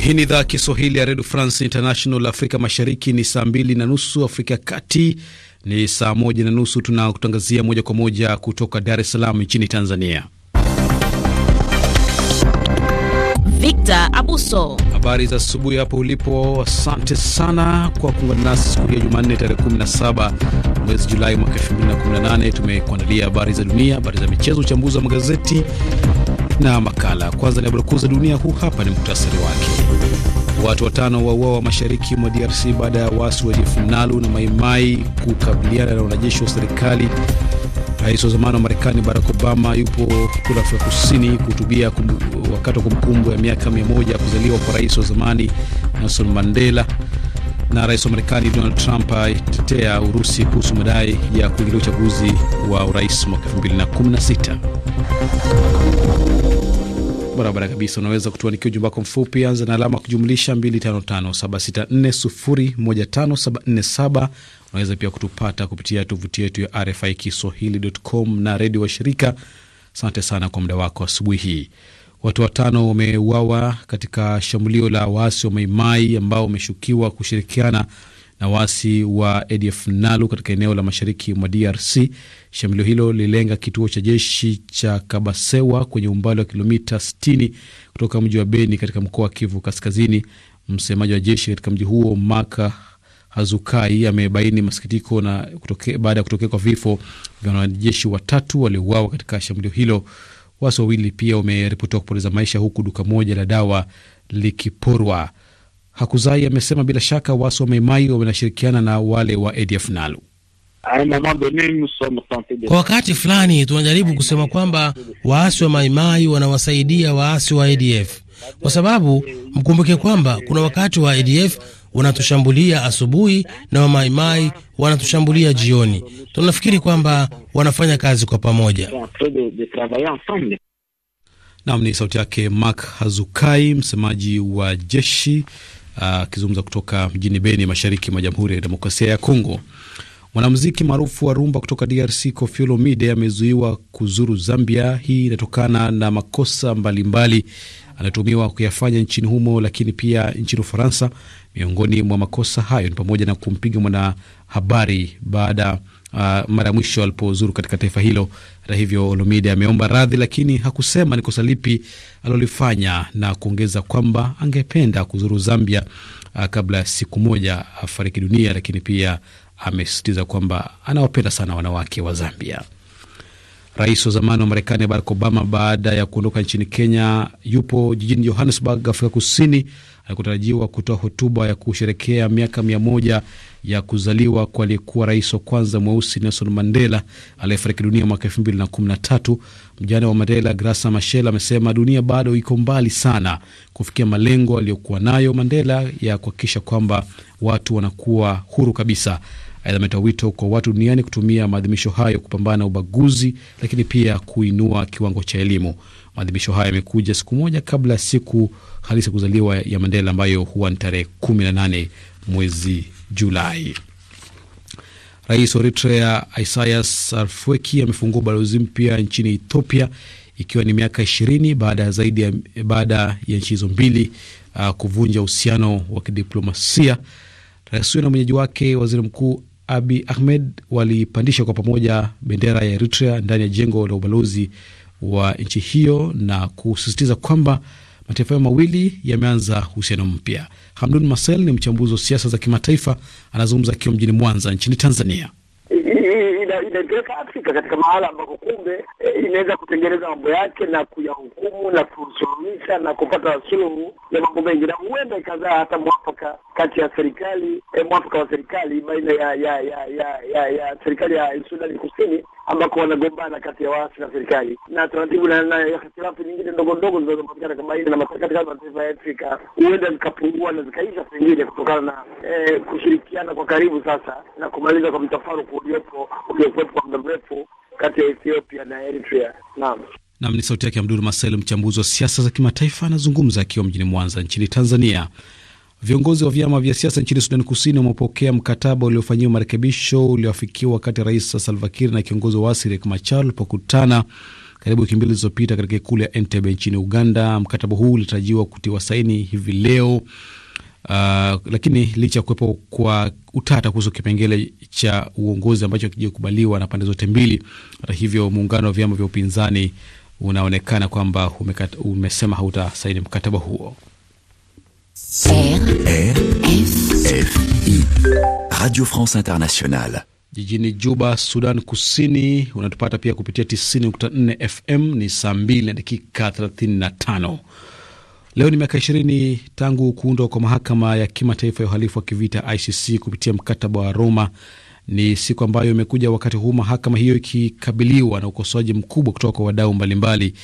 Hii ni idhaa Kiswahili ya Redio France International. Afrika Mashariki ni saa mbili na nusu, Afrika ya Kati ni saa moja na nusu. Tunakutangazia moja kwa moja kutoka Dar es Salaam nchini Tanzania. Victor Abuso, habari za asubuhi hapo ulipo. Asante sana kwa kuungana nasi siku ya Jumanne, tarehe 17 mwezi Julai mwaka 2018. Tumekuandalia habari za dunia, habari za michezo, uchambuzi wa magazeti na makala. Kwanza ni habari kuu za dunia, huu hapa ni muhtasari wake. Watu watano wauawa mashariki mwa DRC baada ya waasi wa Nalu na Maimai kukabiliana na wanajeshi wa serikali. Rais wa zamani wa Marekani Barack Obama yupo kule Afrika Kusini kuhutubia wakati wa kumbukumbu ya miaka mia moja ya kuzaliwa kwa rais wa zamani Nelson Mandela. Na rais wa Marekani Donald Trump aitetea Urusi kuhusu madai ya kuingilia uchaguzi wa urais mwaka 2016. Barabara kabisa. Unaweza kutuandikia ujumbe wako mfupi, anza na alama kujumlisha 255764015747. Unaweza pia kutupata kupitia tovuti yetu ya RFI Kiswahili.com na redio washirika. Asante sana kwa muda wako asubuhi hii. Watu watano wameuawa katika shambulio la waasi wa Maimai ambao wameshukiwa kushirikiana na waasi wa ADF NALU katika eneo la mashariki mwa DRC. Shambulio hilo lililenga kituo cha jeshi cha Kabasewa kwenye umbali wa kilomita 60 kutoka mji wa Beni katika mkoa wa Kivu Kaskazini. Msemaji wa jeshi katika mji huo Maka Hazukai amebaini masikitiko na kutoke, baada ya kutokea kwa vifo vya wanajeshi watatu waliouawa katika shambulio hilo. Waasi wawili pia wameripotiwa kupoteza maisha huku duka moja la dawa likiporwa. Hakuzai amesema bila shaka waasi wa Maimai wanashirikiana na wale wa ADF NALU. Kwa wakati fulani tunajaribu kusema kwamba waasi wa Maimai wanawasaidia waasi wa ADF kwa sababu mkumbuke kwamba kuna wakati wa ADF wanatushambulia asubuhi na wamaimai wanatushambulia jioni. Tunafikiri kwamba wanafanya kazi kwa pamoja. nam ni sauti yake Mark Hazukai, msemaji wa jeshi akizungumza uh, kutoka mjini Beni, mashariki mwa Jamhuri ya Demokrasia ya Kongo. Mwanamuziki maarufu wa rumba kutoka DRC Koffi Olomide amezuiwa kuzuru Zambia. Hii inatokana na makosa mbalimbali anatumiwa kuyafanya nchini humo, lakini pia nchini Ufaransa. Miongoni mwa makosa hayo ni pamoja na kumpiga mwanahabari baada uh, mara ya mwisho alipozuru katika taifa hilo. Hata hivyo, olomidi ameomba radhi, lakini hakusema ni kosa lipi alilofanya na kuongeza kwamba angependa kuzuru Zambia uh, kabla ya siku moja afariki dunia, lakini pia amesisitiza kwamba anawapenda sana wanawake wa Zambia. Rais wa zamani wa Marekani Barack Obama, baada ya kuondoka nchini Kenya, yupo jijini Johannesburg, Afrika Kusini, alikotarajiwa kutoa hotuba ya kusherekea miaka mia moja ya kuzaliwa kwa aliyekuwa rais wa kwanza mweusi Nelson Mandela aliyefariki dunia mwaka elfu mbili na kumi na tatu. Mjane wa Mandela, grasa Machel, amesema dunia bado iko mbali sana kufikia malengo aliyokuwa nayo Mandela ya kuhakikisha kwamba watu wanakuwa huru kabisa. Aidha, ametoa wito kwa watu duniani kutumia maadhimisho hayo kupambana ubaguzi, lakini pia kuinua kiwango cha elimu. Maadhimisho hayo yamekuja siku moja kabla ya siku halisi kuzaliwa ya Mandela ambayo huwa ni tarehe nane mwezi Julai. Rais wa Eritrea Isaias Afwerki amefungua balozi mpya nchini Ethiopia ikiwa ni miaka ishirini baada zaidi ya, baada ya nchi hizo mbili uh, kuvunja uhusiano wa kidiplomasia. Rais huyo na mwenyeji wake waziri mkuu Abi Ahmed walipandisha kwa pamoja bendera ya Eritrea ndani ya jengo la ubalozi wa nchi hiyo na kusisitiza kwamba mataifa hayo mawili yameanza uhusiano mpya. Hamdun Masel ni mchambuzi wa siasa za kimataifa, anazungumza akiwa mjini Mwanza nchini Tanzania inaipeleka Afrika katika mahala ambako kumbe e, inaweza kutengeneza mambo yake na kuyahukumu na kusuluhisha na kupata suluhu ya mambo mengi, na huenda ikazaa hata mwafaka kati ya serikali, e, mwafaka wa serikali baina ya ya ya ya serikali ya Sudani Kusini ambako wanagombana kati ya waasi na serikali na taratibu na hitilafu nyingine ndogo ndogo zinazopatikana kabaina na mataifa ya mataifa ya Afrika huenda zikapungua na zikaisha pengine kutokana na eh, kushirikiana kwa karibu sasa na kumaliza kwa mtafaruku uliopo uliokuwepo kwa muda mrefu kati ya Ethiopia na Eritrea. Naam. Nam ni sauti yake Abdul Masel, mchambuzi wa siasa za kimataifa, anazungumza akiwa mjini Mwanza nchini Tanzania. Viongozi wa vyama vya siasa nchini Sudan Kusini wamepokea mkataba uliofanyiwa marekebisho ulioafikiwa wakati Rais Salva Kiir na kiongozi wa waasi Riek Machar walipokutana karibu wiki mbili zilizopita katika ikulu ya Entebbe nchini Uganda. Mkataba huu ulitarajiwa kutiwa saini hivi leo, uh, lakini licha ya kuwepo kwa utata kuhusu kipengele cha uongozi ambacho hakijakubaliwa na pande zote mbili. Hata hivyo, muungano wa vyama vya upinzani unaonekana kwamba umesema hautasaini mkataba huo. RFI Radio France Internationale jijini Juba, Sudan Kusini. Unatupata pia kupitia 90.4 FM. Ni saa 2 na dakika 35. Leo ni miaka 20 tangu kuundwa kwa mahakama ya kimataifa ya uhalifu wa kivita ICC kupitia mkataba wa Roma. Ni siku ambayo imekuja wakati huu mahakama hiyo ikikabiliwa na ukosoaji mkubwa kutoka kwa wadau mbalimbali,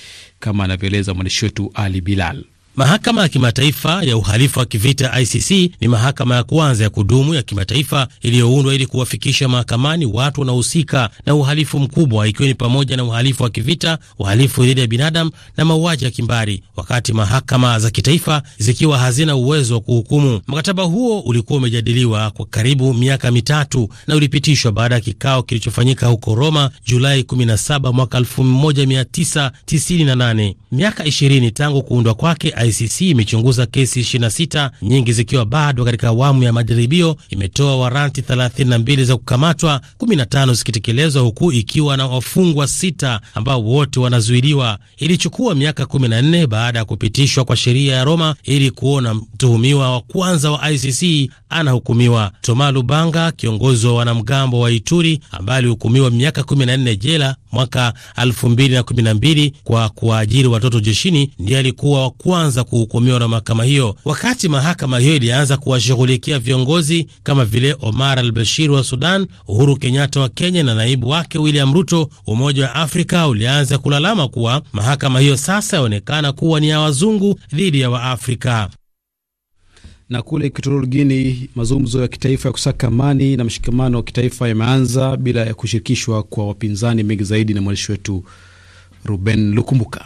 kama anavyoeleza mwandishi wetu Ali Bilal. Mahakama ya Kimataifa ya Uhalifu wa Kivita ICC ni mahakama ya kwanza ya kudumu ya kimataifa iliyoundwa ili kuwafikisha mahakamani watu wanaohusika na uhalifu mkubwa, ikiwa ni pamoja na uhalifu wa kivita, uhalifu dhidi ya binadamu na mauaji ya kimbari, wakati mahakama za kitaifa zikiwa hazina uwezo wa kuhukumu. Mkataba huo ulikuwa umejadiliwa kwa karibu miaka mitatu na ulipitishwa baada ya kikao kilichofanyika huko Roma Julai 17 mwaka 1998, miaka 20 tangu kuundwa kwake. ICC imechunguza kesi 26, nyingi zikiwa bado katika awamu ya majaribio. Imetoa waranti 32 za kukamatwa, 15 zikitekelezwa, huku ikiwa na wafungwa sita ambao wote wanazuiliwa. Ilichukua miaka 14 baada ya kupitishwa kwa sheria ya Roma ili kuona mtuhumiwa wa kwanza wa ICC anahukumiwa. Toma Lubanga, kiongozi wa wanamgambo wa Ituri ambaye alihukumiwa miaka 14 jela mwaka 2012 kwa kuwaajiri watoto jeshini, ndiye alikuwa wa kwanza kuanza kuhukumiwa na mahakama hiyo. Wakati mahakama hiyo ilianza kuwashughulikia viongozi kama vile Omar al Bashir wa Sudan, Uhuru Kenyatta wa Kenya na naibu wake William Ruto, Umoja wa Afrika ulianza kulalama kuwa mahakama hiyo sasa yaonekana kuwa ni ya wazungu dhidi ya Waafrika na kule Kitururgini, mazungumzo ya kitaifa ya kusaka amani na mshikamano wa kitaifa yameanza bila ya kushirikishwa kwa wapinzani mengi zaidi. Na mwandishi wetu Ruben Lukumbuka.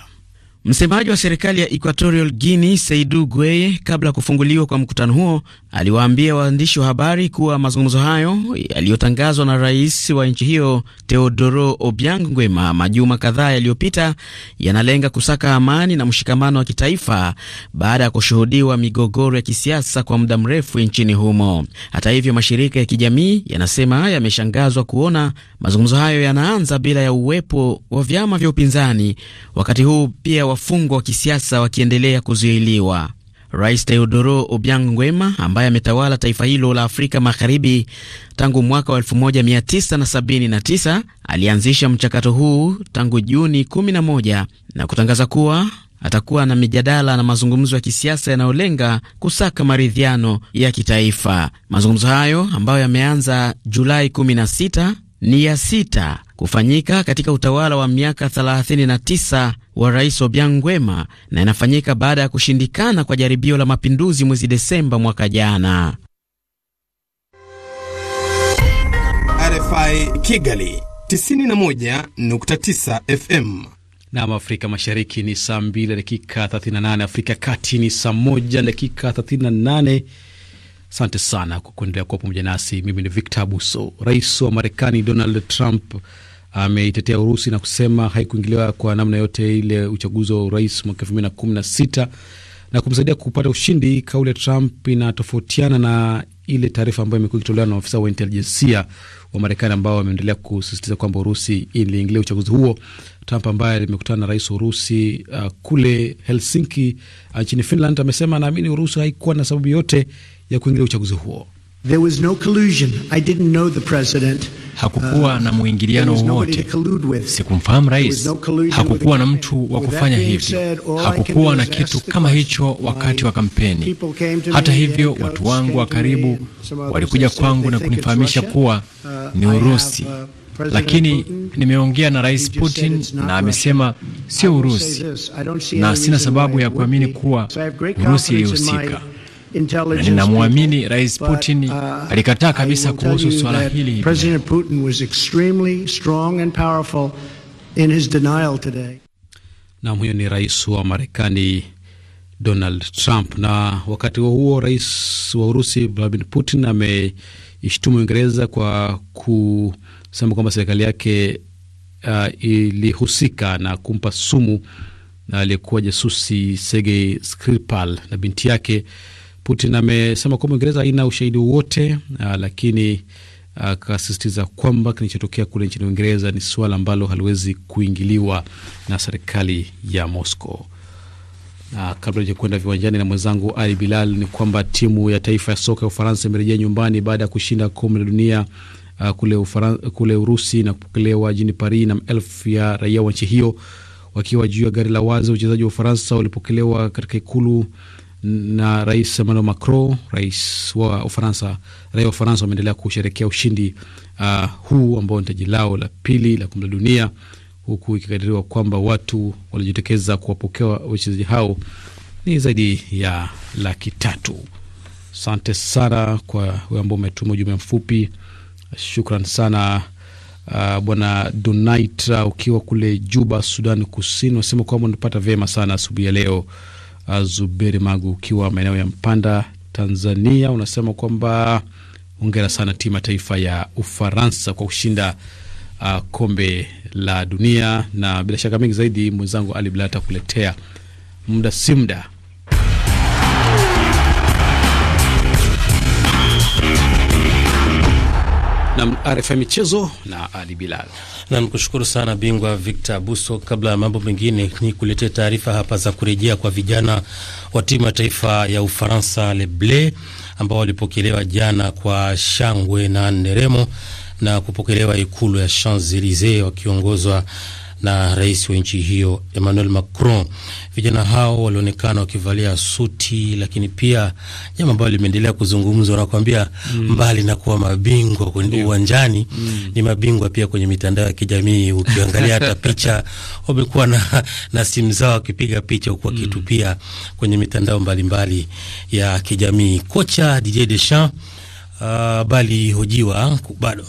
Msemaji wa serikali ya Equatorial Guinea Seidu Gueye, kabla ya kufunguliwa kwa mkutano huo, aliwaambia waandishi wa habari kuwa mazungumzo hayo yaliyotangazwa na rais wa nchi hiyo Teodoro Obiang Nguema majuma kadhaa yaliyopita yanalenga kusaka amani na mshikamano wa kitaifa baada ya kushuhudiwa migogoro ya kisiasa kwa muda mrefu nchini humo. Hata hivyo, mashirika ya kijamii yanasema yameshangazwa kuona mazungumzo hayo yanaanza bila ya uwepo wa vyama vya upinzani wakati huu pia wafungwa wa kisiasa wakiendelea kuzuiliwa. Rais Teodoro Obiang Nguema ambaye ametawala taifa hilo la Afrika Magharibi tangu mwaka wa 1979 alianzisha mchakato huu tangu Juni 11 na kutangaza kuwa atakuwa na mijadala na mazungumzo ya kisiasa yanayolenga kusaka maridhiano ya kitaifa. Mazungumzo hayo ambayo yameanza Julai 16 ni ya sita kufanyika katika utawala wa miaka 39 wa Rais Obiang Nguema na inafanyika baada ya kushindikana kwa jaribio la mapinduzi mwezi Desemba mwaka jana. RFI Kigali 91.9 FM nam Afrika Mashariki ni saa 2 dakika 38, Afrika Kati ni saa 1 dakika 38. Asante sana kwa kuendelea kuwa pamoja nasi. Mimi ni Victor Abuso. Rais wa Marekani Donald Trump ameitetea Urusi na kusema haikuingiliwa kwa namna yote ile uchaguzi wa urais mwaka elfu mbili na kumi na sita na kumsaidia kupata ushindi. Kauli ya Trump inatofautiana na ile taarifa ambayo imekuwa ikitolewa na maafisa wa intelijensia wa Marekani ambao wameendelea kusisitiza kwamba Urusi iliingilia uchaguzi huo. Trump ambaye alimekutana na rais wa Urusi uh, kule Helsinki uh, nchini Finland amesema anaamini Urusi haikuwa na sababu yote ya kuingilia uchaguzi huo. There was no collusion. I didn't know the president. Hakukuwa uh, na mwingiliano wowote, sikumfahamu rais, hakukuwa na mtu wa kufanya hivyo, hakukuwa na kitu kama hicho wakati wa kampeni. Hata hivyo, watu wangu wa karibu walikuja kwangu na kunifahamisha kuwa uh, ni Urusi, uh, lakini nimeongea na Rais Putin na amesema sio Urusi, na sina sababu ya kuamini kuwa Urusi ilihusika. Ninamwamini Rais Putin uh, alikataa kabisa kuhusu swala hili. President Putin was extremely strong and powerful in his denial today. Naam, huyo ni rais wa Marekani Donald Trump. Na wakati huo huo, rais wa Urusi Vladimir Putin ameishtumu Uingereza kwa kusema kwamba serikali yake uh, ilihusika na kumpa sumu na uh, aliyekuwa jasusi Sergei Skripal na binti yake Putin amesema kwamba Uingereza haina ushahidi wowote, ah, lakini ah, akasisitiza kwamba kinachotokea kule nchini Uingereza ni suala ambalo haliwezi kuingiliwa na serikali ya Moscow. Na kabla ya kwenda viwanjani na mwenzangu Ali Bilal, ni kwamba timu ya taifa ya soka ya Ufaransa imerejea nyumbani baada ya kushinda kombe la dunia uh, kule, kule Urusi na kupokelewa jini Paris na maelfu ya raia wa nchi hiyo wakiwa juu ya gari la wazi. Wachezaji wa Ufaransa walipokelewa katika ikulu na Rais Emmanuel Macron, rais wa Ufaransa, raia wa Ufaransa wameendelea kusherekea ushindi uh, huu ambao ni taji lao la pili la kombe la dunia, huku ikikadiriwa kwamba watu waliojitokeza kuwapokea wachezaji hao ni zaidi ya laki tatu. Sante sana kwa wewe ambao umetuma ujumbe mfupi. Shukran sana uh, bwana Donait ukiwa kule Juba, Sudan Kusini, unasema kwamba unapata vyema sana asubuhi ya leo. Zuberi Magu, ukiwa maeneo ya Mpanda, Tanzania, unasema kwamba hongera sana timu ya taifa ya Ufaransa kwa kushinda uh, kombe la dunia, na bila shaka mengi zaidi mwenzangu Ali Blata kuletea muda si muda. nam michezo na Ali Bilal. Nam kushukuru sana bingwa Victor Buso. Kabla ya mambo mengine, ni kuletea taarifa hapa za kurejea kwa vijana wa timu ya taifa ya Ufaransa Le Bleu ambao walipokelewa jana kwa shangwe na nderemo na kupokelewa ikulu ya Champs Elysee wakiongozwa na rais wa nchi hiyo Emmanuel Macron. Vijana hao walionekana wakivalia suti, lakini pia jambo ambalo limeendelea kuzungumzwa, wanakuambia mm. mbali na kuwa mabingwa kwenye uwanjani mm. ni mabingwa pia kwenye mitandao ya kijamii. Ukiangalia hata picha wamekuwa na, na simu zao wakipiga picha huku mm. wakitupia mm. kwenye mitandao mbalimbali mbali ya kijamii. Kocha Didier Deschamps uh, bali hojiwa bado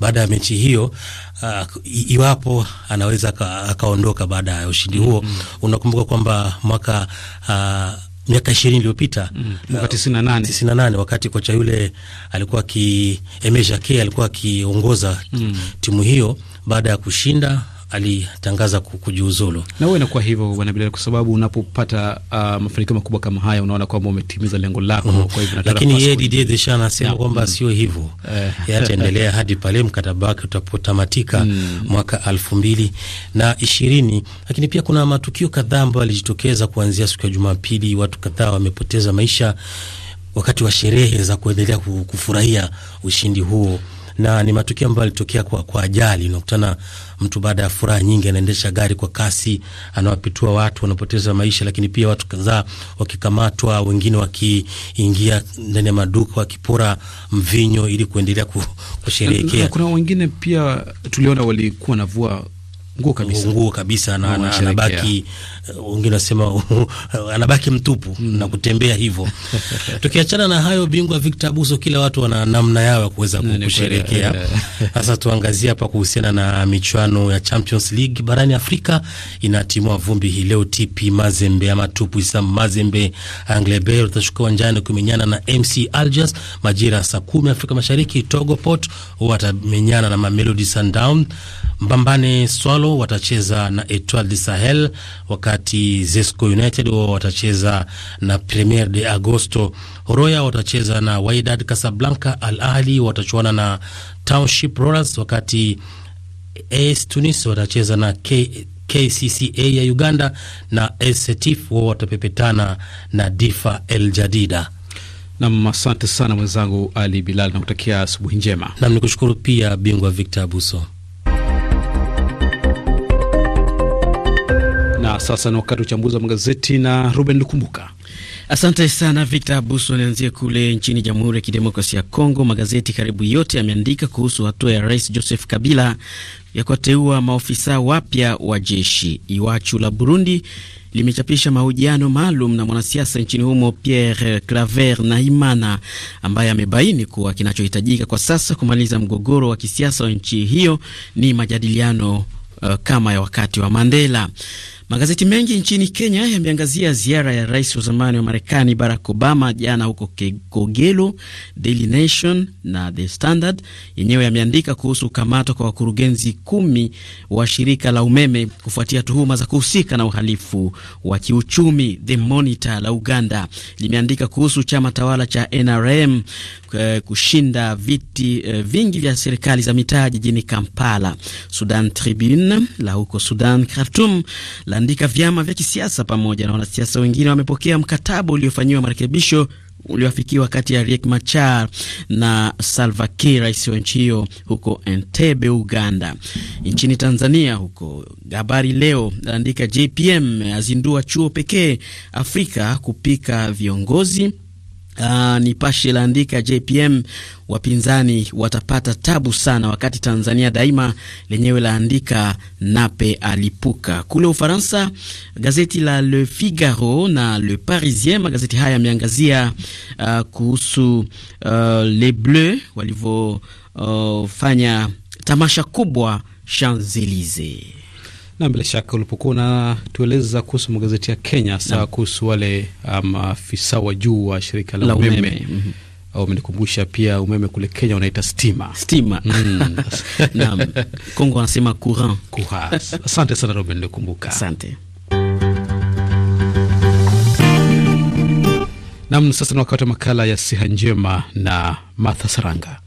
baada ya mechi hiyo uh, iwapo anaweza akaondoka baada ya ushindi huo mm -hmm. Unakumbuka kwamba mwaka uh, miaka ishirini iliyopita mm-hmm. uh, mwaka tisini na nane wakati kocha yule alikuwa ki alikuwa akiongoza mm, timu hiyo baada ya kushinda alitangaza kujiuzulu. Na huwa inakuwa hivyo Bwana Bilal, kwa sababu unapopata uh, mafanikio makubwa kama haya unaona kwamba umetimiza lengo lako mm. -hmm. Kwa hivyo lakini yeye Didier Deschamps anasema yeah. kwamba mm. sio hivyo eh. Yeye ataendelea hadi pale mkataba wake utapotamatika mm. mwaka elfu mbili na ishirini. Lakini pia kuna matukio kadhaa ambayo alijitokeza kuanzia siku ya Jumapili, watu kadhaa wamepoteza maisha wakati wa sherehe za kuendelea kufurahia ushindi huo na ni matukio ambayo yalitokea kwa, kwa ajali. Unakutana mtu baada ya furaha nyingi anaendesha gari kwa kasi, anawapitua watu, wanapoteza maisha, lakini pia watu kadhaa wakikamatwa, wengine wakiingia ndani ya maduka wakipora mvinyo ili kuendelea kusherehekea. Kuna wengine pia tuliona walikuwa wanavua nguo kabisa, nguo kabisa na, na anabaki uh, wengine wasema uh, uh, anabaki mtupu mm. na kutembea hivyo tukiachana na hayo, bingwa Victor Buso, kila watu wana namna yao ya kuweza kusherehekea. Eh, eh. Sasa tuangazie hapa kuhusiana na michuano ya Champions League barani Afrika inatimua vumbi hii leo. TP Mazembe ama tupu Isam Mazembe Angleber utashuka uwanjani kumenyana na MC Algiers majira ya saa kumi Afrika Mashariki. Togo Port watamenyana na Mamelodi Sundowns. Mbambane Swallows Malo watacheza na Etoile de Sahel, wakati Zesco United wao watacheza na Premier de Agosto. Horoya watacheza na Wydad Casablanca. Al Ahli watachuana na Township Rollers, wakati AS Tunis watacheza na K KCCA ya Uganda na STF Setif wao watapepetana na Difa El Jadida. Nam, asante sana mwenzangu Ali Bilal, nakutakia asubuhi njema. Nam ni kushukuru pia bingwa Victor Abuso. sasa ni wakati wa uchambuzi wa magazeti na Ruben Lukumbuka. Asante sana Victor Abuso. Nianzie kule nchini Jamhuri ya Kidemokrasia ya Kongo. Magazeti karibu yote yameandika kuhusu hatua ya Rais Joseph Kabila ya kuwateua maofisa wapya wa jeshi. Iwachu la Burundi limechapisha mahojiano maalum na mwanasiasa nchini humo Pierre Claver Nahimana ambaye amebaini kuwa kinachohitajika kwa sasa kumaliza mgogoro wa kisiasa wa nchi hiyo ni majadiliano uh, kama ya wakati wa Mandela. Magazeti mengi nchini Kenya yameangazia ziara ya rais wa zamani wa Marekani Barack Obama jana huko Kogelo. Daily Nation na The Standard yenyewe yameandika kuhusu kukamatwa kwa wakurugenzi kumi wa shirika la umeme kufuatia tuhuma za kuhusika na uhalifu wa kiuchumi. The Monitor la Uganda limeandika kuhusu chama tawala cha NRM eh, kushinda viti eh, vingi vya serikali za mitaa jijini Kampala. Sudan Tribune la huko Sudan, Khartoum la andika vyama vya kisiasa pamoja na wanasiasa wengine wamepokea mkataba uliofanyiwa marekebisho ulioafikiwa kati ya Riek Machar na Salva Kiir, rais wa nchi hiyo, huko Entebbe, Uganda. Nchini Tanzania huko habari leo naandika JPM azindua chuo pekee Afrika kupika viongozi Uh, Nipashe laandika JPM wapinzani watapata tabu sana, wakati Tanzania Daima lenyewe laandika Nape alipuka. Kule Ufaransa, gazeti la Le Figaro na Le Parisien, magazeti haya yameangazia uh, kuhusu uh, Les Bleus walivyofanya uh, tamasha kubwa Champs-Elysees. Na bila shaka ulipokuwa unatueleza kuhusu magazeti ya Kenya hasa kuhusu wale maafisa um, wa juu wa shirika la, la umeme, umeme. Mm -hmm. Umenikumbusha pia umeme kule Kenya unaita stima, stima. Mm. Naam, Kongo anasema courant. Courant. Asante sana Robin, nikumbuka. Asante. Naam, sasa ni wakati wa makala ya siha njema na Martha Saranga.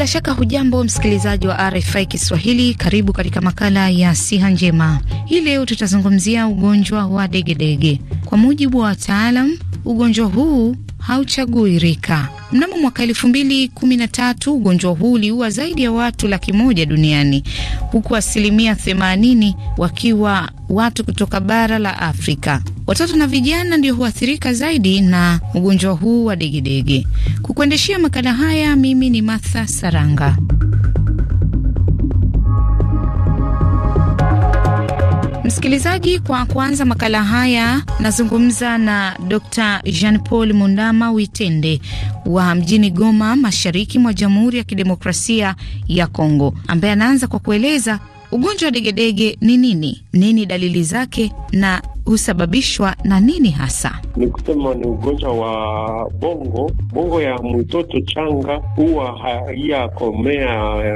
Bila shaka hujambo msikilizaji wa RFI Kiswahili, karibu katika makala ya siha njema. Hii leo tutazungumzia ugonjwa wa degedege. Kwa mujibu wa wataalam, ugonjwa huu hauchagui rika. Mnamo mwaka elfu mbili kumi na tatu ugonjwa huu uliua zaidi ya watu laki moja duniani huku asilimia themanini wakiwa watu kutoka bara la Afrika. Watoto na vijana ndio huathirika zaidi na ugonjwa huu wa degedege. Kukuendeshea makala haya mimi ni Martha Saranga. Msikilizaji, kwa kuanza makala haya nazungumza na Dr. Jean Paul Mundama Witende wa mjini Goma, mashariki mwa Jamhuri ya Kidemokrasia ya Kongo, ambaye anaanza kwa kueleza ugonjwa wa degedege ni nini, nini dalili zake na husababishwa na nini hasa? Ni kusema ni ugonjwa wa bongo. Bongo ya mtoto changa huwa haiyakomea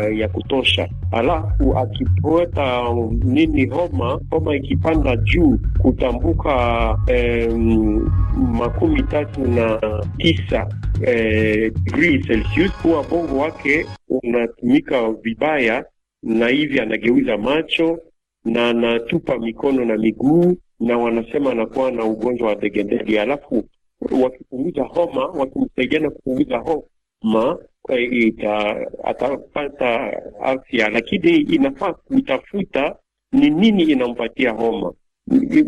ya kutosha, alafu akipata nini, homa homa ikipanda juu kutambuka em, makumi tatu na tisa eh, degree Celsius, huwa bongo wake unatumika vibaya, na hivi anageuza macho na anatupa mikono na miguu na wanasema anakuwa na ugonjwa wa degedege, alafu wakipunguza homa, wakimsaidiana kupunguza homa eh, ita, atapata afya, lakini inafaa kutafuta ni nini inampatia homa.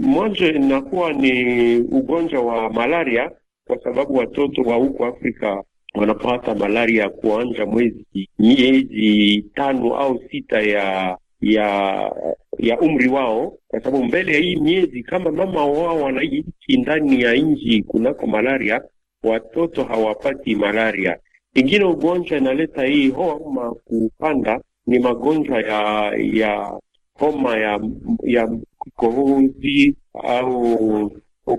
Mwanzo inakuwa ni ugonjwa wa malaria, kwa sababu watoto wa huko Afrika wanapata malaria kuanja mwezi miezi tano au sita ya ya ya umri wao, kwa sababu mbele ya hii miezi kama mama wao wanaishi ndani ya nji kunako malaria, watoto hawapati malaria. Ingine ugonjwa inaleta hii homa kupanda ni magonjwa ya ya homa ya ya kikohozi au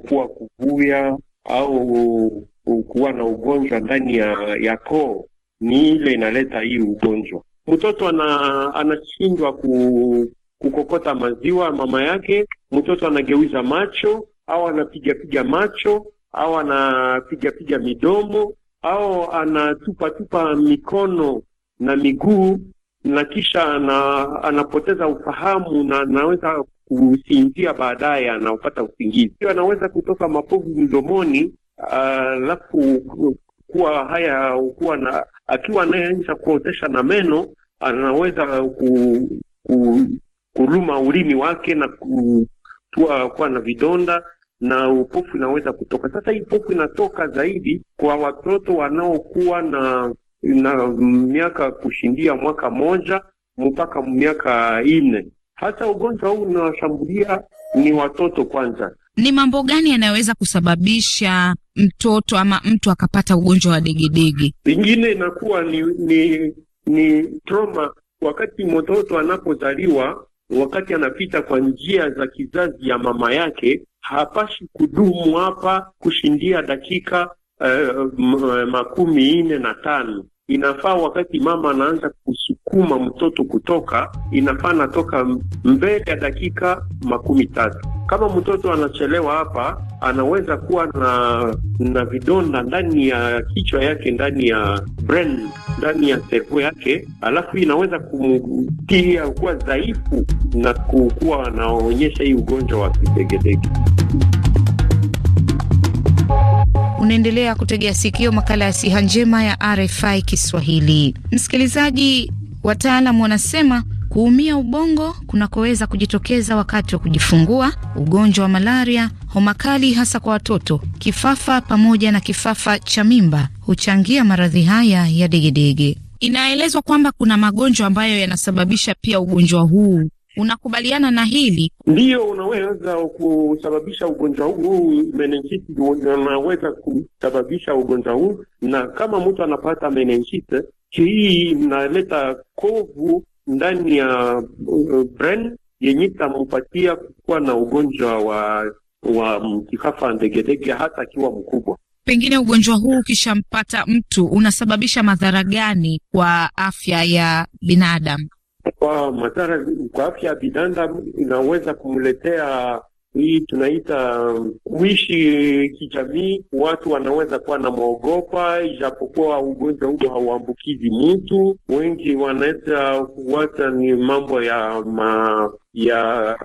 kuwa kuvuya au kuwa na ugonjwa ndani ya, ya koo, ni ile inaleta hii ugonjwa mtoto ana, anashindwa ku, kukokota maziwa mama yake, mtoto anageuza macho au anapigapiga macho au anapigapiga midomo au anatupatupa mikono na miguu na kisha ana, anapoteza ufahamu na anaweza kusinzia baadaye, anaopata usingizi anaweza kutoka mapovu mdomoni, alafu uh, kuwa haya kuwa na akiwa anayeanza kuotesha na meno anaweza ku, ku, kuluma ulimi wake na kutua kuwa na vidonda na upofu inaweza kutoka. Sasa hii pofu inatoka zaidi kwa watoto wanaokuwa na na miaka kushindia mwaka moja mpaka miaka nne. Hasa ugonjwa huu unawashambulia ni watoto kwanza, ni mambo gani yanayoweza kusababisha mtoto ama mtu akapata ugonjwa wa degedege? Pengine inakuwa ni, ni, ni trauma wakati mtoto anapozaliwa, wakati anapita kwa njia za kizazi ya mama yake, hapashi kudumu hapa kushindia dakika uh, makumi nne na tano inafaa wakati mama anaanza kusukuma mtoto kutoka, inafaa anatoka mbele ya dakika makumi tatu. Kama mtoto anachelewa hapa, anaweza kuwa na na vidonda ndani ya kichwa yake, ndani ya brain, ndani ya servo yake, alafu inaweza kumtia kuwa dhaifu na kukuwa anaonyesha hii ugonjwa wa kidegedege. Unaendelea kutegea sikio makala ya siha njema ya RFI Kiswahili. Msikilizaji, wataalamu wanasema kuumia ubongo kunakoweza kujitokeza wakati wa kujifungua, ugonjwa wa malaria, homa kali hasa kwa watoto, kifafa pamoja na kifafa cha mimba huchangia maradhi haya ya degedege. Inaelezwa kwamba kuna magonjwa ambayo yanasababisha pia ugonjwa huu Unakubaliana na hili? Ndiyo, unaweza kusababisha ugonjwa huu. Menenjiti unaweza kusababisha ugonjwa huu, na kama mtu anapata menenjiti hii inaleta kovu ndani ya uh, brain yenye itampatia kukuwa na ugonjwa wa wa kifafa ndegedege hata akiwa mkubwa. Pengine ugonjwa huu ukishampata mtu unasababisha madhara gani kwa afya ya binadamu? kwa madhara kwa afya ya binadamu, inaweza kumletea hii tunaita kuishi um, kijamii. Watu wanaweza kuwa na mwogopa, ijapokuwa ugonjwa huo hauambukizi mtu. Wengi wanaweza kuwata ni mambo ya ma, ya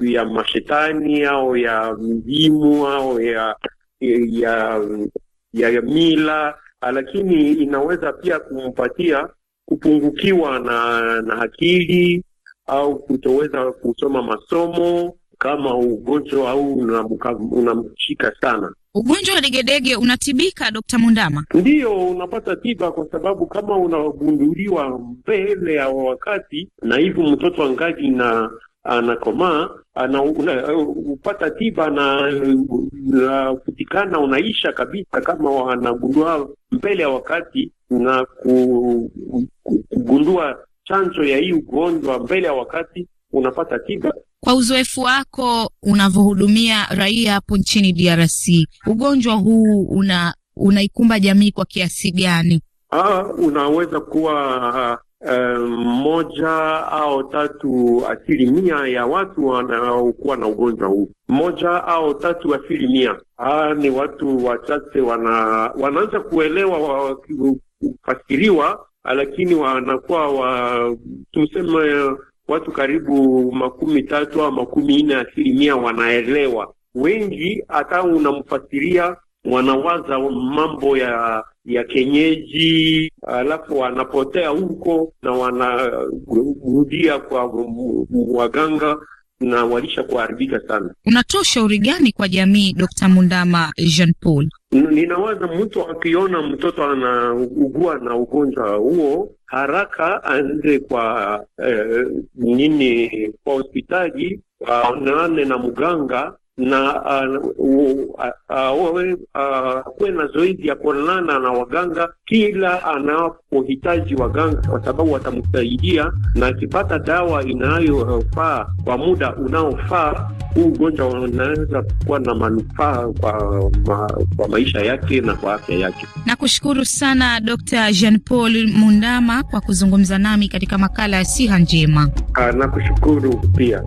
ya mashetani au ya mzimu au ya ya ya, ya mila, lakini inaweza pia kumpatia kupungukiwa na, na akili au kutoweza kusoma masomo kama ugonjwa au unamshika sana. Ugonjwa wa degedege unatibika, Dr. Mundama? Ndiyo, unapata tiba kwa sababu kama unagunduliwa mbele ya wakati na hivyo mtoto angaji na anakomaa ana, una, upata tiba na kutikana unaisha kabisa, kama wanagundua mbele ya wakati na ku kugundua chanzo ya hii ugonjwa mbele ya wakati, unapata tiba. Kwa uzoefu wako unavyohudumia raia hapo nchini DRC, ugonjwa huu una unaikumba jamii kwa kiasi gani? Aa, unaweza kuwa um, moja au tatu asilimia ya watu wanaokuwa na ugonjwa huu, moja au tatu asilimia. Aa, ni watu wachache wana, wanaanza kuelewa, wakifasiriwa lakini wanakuwa wa tuseme watu karibu makumi tatu au makumi nne asilimia wanaelewa. Wengi hata unamfasiria wanawaza mambo ya ya kenyeji, alafu wanapotea huko na wanarudia kwa waganga na walisha kuharibika sana. Unatoa ushauri gani kwa jamii, d Mundama Jean Paul? Ninawaza mtu akiona mtoto anaugua na ugonjwa huo haraka aende kwa eh, nini kwa hospitali aonane na mganga na awe ah, ah, ah, kuwe na zoezi ya kuonana na waganga kila anapohitaji waganga, kwa sababu watamsaidia na akipata dawa inayofaa kwa muda unaofaa, huu ugonjwa unaweza kuwa na manufaa kwa, ma, kwa maisha yake na kwa afya yake. Nakushukuru sana Dr. Jean Paul Mundama kwa kuzungumza nami katika makala ya siha njema. Nakushukuru pia.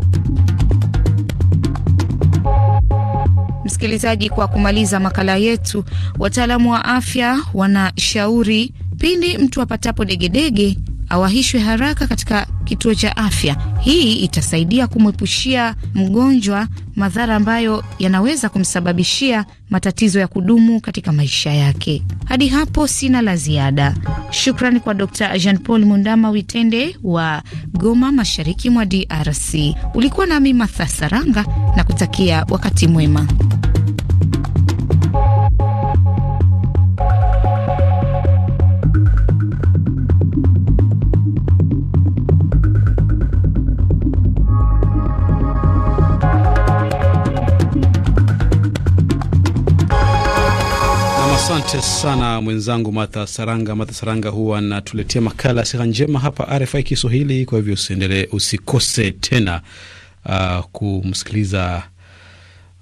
Msikilizaji, kwa kumaliza makala yetu, wataalamu wa afya wanashauri pindi mtu apatapo degedege awahishwe haraka katika kituo cha afya. Hii itasaidia kumwepushia mgonjwa madhara ambayo yanaweza kumsababishia matatizo ya kudumu katika maisha yake. Hadi hapo sina la ziada. Shukrani kwa Dr. Jean Paul Mundama Witende wa Goma, mashariki mwa DRC. Ulikuwa nami Matha Saranga na kutakia wakati mwema. sana mwenzangu Martha Saranga. Martha Saranga huwa anatuletea makala Siha Njema hapa RFI Kiswahili, kwa hivyo usiendelee, usikose tena uh, kumsikiliza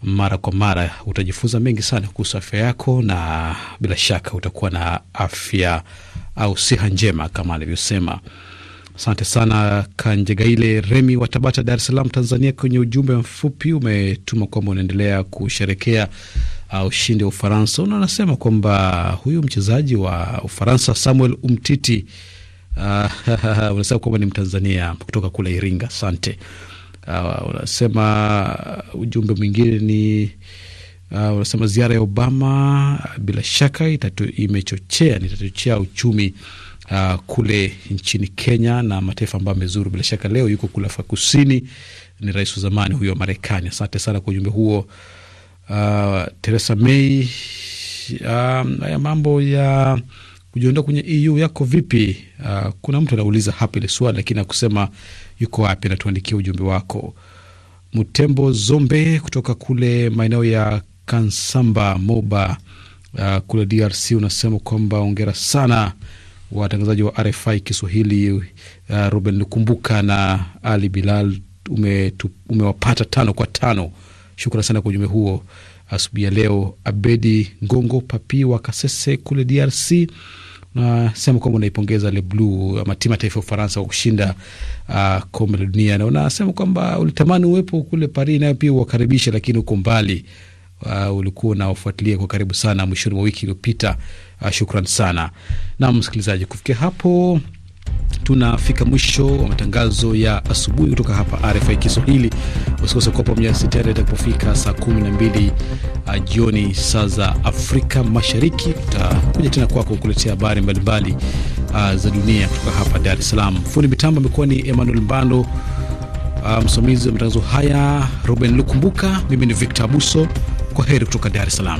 mara kwa mara. Utajifunza mengi sana kuhusu afya yako, na bila shaka utakuwa na afya au siha njema kama alivyosema. Asante sana Kanjegaile Remi wa Tabata, Dar es Salaam, Tanzania. Kwenye ujumbe mfupi umetuma kwamba unaendelea kusherekea uh, ushindi wa Ufaransa. Una anasema kwamba huyu mchezaji wa Ufaransa Samuel Umtiti uh, unasema kwamba ni Mtanzania kutoka kule Iringa. Asante. Uh, unasema ujumbe mwingine ni uh, unasema ziara ya Obama bila shaka itatu, imechochea nitachochea uchumi Uh, kule nchini Kenya na mataifa ambayo amezuru. Bila shaka leo yuko kule Afrika Kusini, ni rais wa zamani huyo wa Marekani. Asante sana kwa ujumbe huo uh, ah, Theresa May. Um, haya mambo ya kujiondoa kwenye EU yako vipi? Uh, kuna mtu anauliza hapa ile swali lakini akusema yuko wapi, natuandikia ujumbe wako. mtembo Zombe kutoka kule maeneo ya Kansamba Moba, uh, kule DRC unasema kwamba ongera sana watangazaji wa RFI Kiswahili, uh, Ruben Lukumbuka na Ali Bilal, umewapata ume tano kwa tano Shukran sana kwa ujumbe huo asubuhi ya leo. Abedi Ngongo Papi wa Kasese kule DRC unasema kwamba unaipongeza Le Blu ama timu ya taifa ya Ufaransa kwa kushinda uh, kombe la dunia, na unasema kwamba ulitamani uwepo kule Paris nayo pia uwakaribishe, lakini uko mbali. Uh, ulikuwa unaofuatilia kwa karibu sana mwishoni mwa wiki iliyopita. Uh, shukran sana na msikilizaji, kufikia hapo tunafika mwisho wa matangazo ya asubuhi kutoka hapa RFI Kiswahili. Usikose kuwa pamoja nasi tena itakapofika saa 12 uh, jioni saa za Afrika Mashariki. Tutakuja tena kwako kukuletea habari mbalimbali uh, za dunia kutoka hapa Dar es Salaam. Fundi mitambo amekuwa ni Emmanuel Mbando, uh, msimamizi wa matangazo haya Ruben Lukumbuka. Mimi ni Victor Abuso, kwa heri kutoka Dar es Salaam.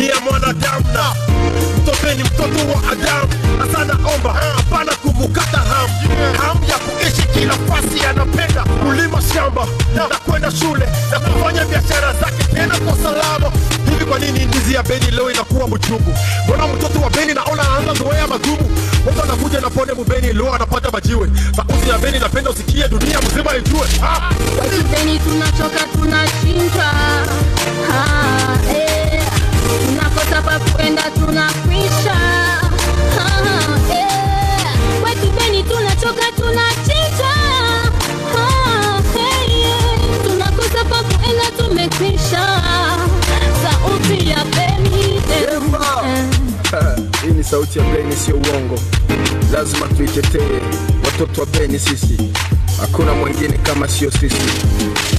ndiye mwanadamu na mtopeni mtoto wa Adamu. asana omba hapana kumukata hamu, hamu ya kuishi kila fasi anapenda kulima shamba na kwenda shule na kufanya biashara zake tena kwa salama. Hivi kwa nini ndizi ya Beni leo inakuwa mchungu? Mbona mtoto wa Beni naona anaanza zoea magumu? Watu anakuja na pone mubeni leo anapata majiwe. Makuzi ya Beni napenda usikie dunia mzima ijue. Ah, sauti ya Beni sio uongo, lazima tuitetee. Watoto wa Beni sisi, hakuna mwingine kama sio sisi.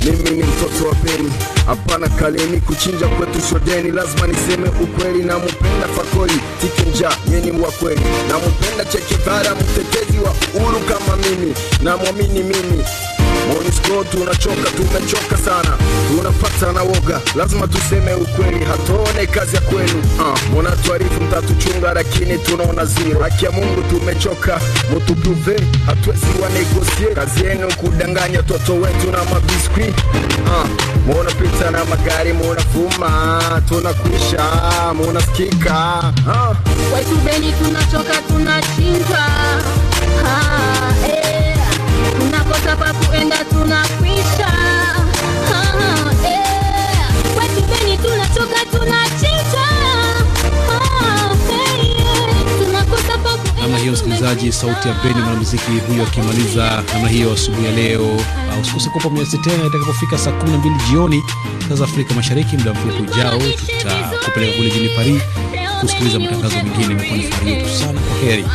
Mimi ni mtoto wa Beni, hapana kaleni kuchinja kwetu shodeni. Lazima niseme ukweli, na mupenda Fakoli Tikenja, yeni wa kweli, na mupenda Che mtetezi wa uhuru kama mimi, na mwamini mimi Monisco tunachoka, tumechoka sana, tunapata na woga, lazima tuseme ukweli, hatuone kazi ya kwenu. Uh, ah, mnatuarifu mtatuchunga, lakini tunaona zero. Haki ya Mungu tumechoka, mutupuve hatuwezi negosie kazi yenu, kudanganya toto wetu na mabiskwi. Uh, ah, munapita na magari, munafuma, tunakuisha, munasikika. Uh. Ah. Wetu Beni tunachoka, tunachinjwa, ha, eh, tunakosa papa hiyo, msikilizaji, sauti ya Beni, mwanamuziki huyo akimaliza namna hiyo asubuhi ya leo. Ah, usikose kuwa pamoja tena itakapofika saa 12 jioni saa za Afrika Mashariki. Muda mfupi ujao, tutakupeleka kule jini Paris kusikiliza matangazo mengine. Imekuwa ni fahari yetu sana. Kwa heri.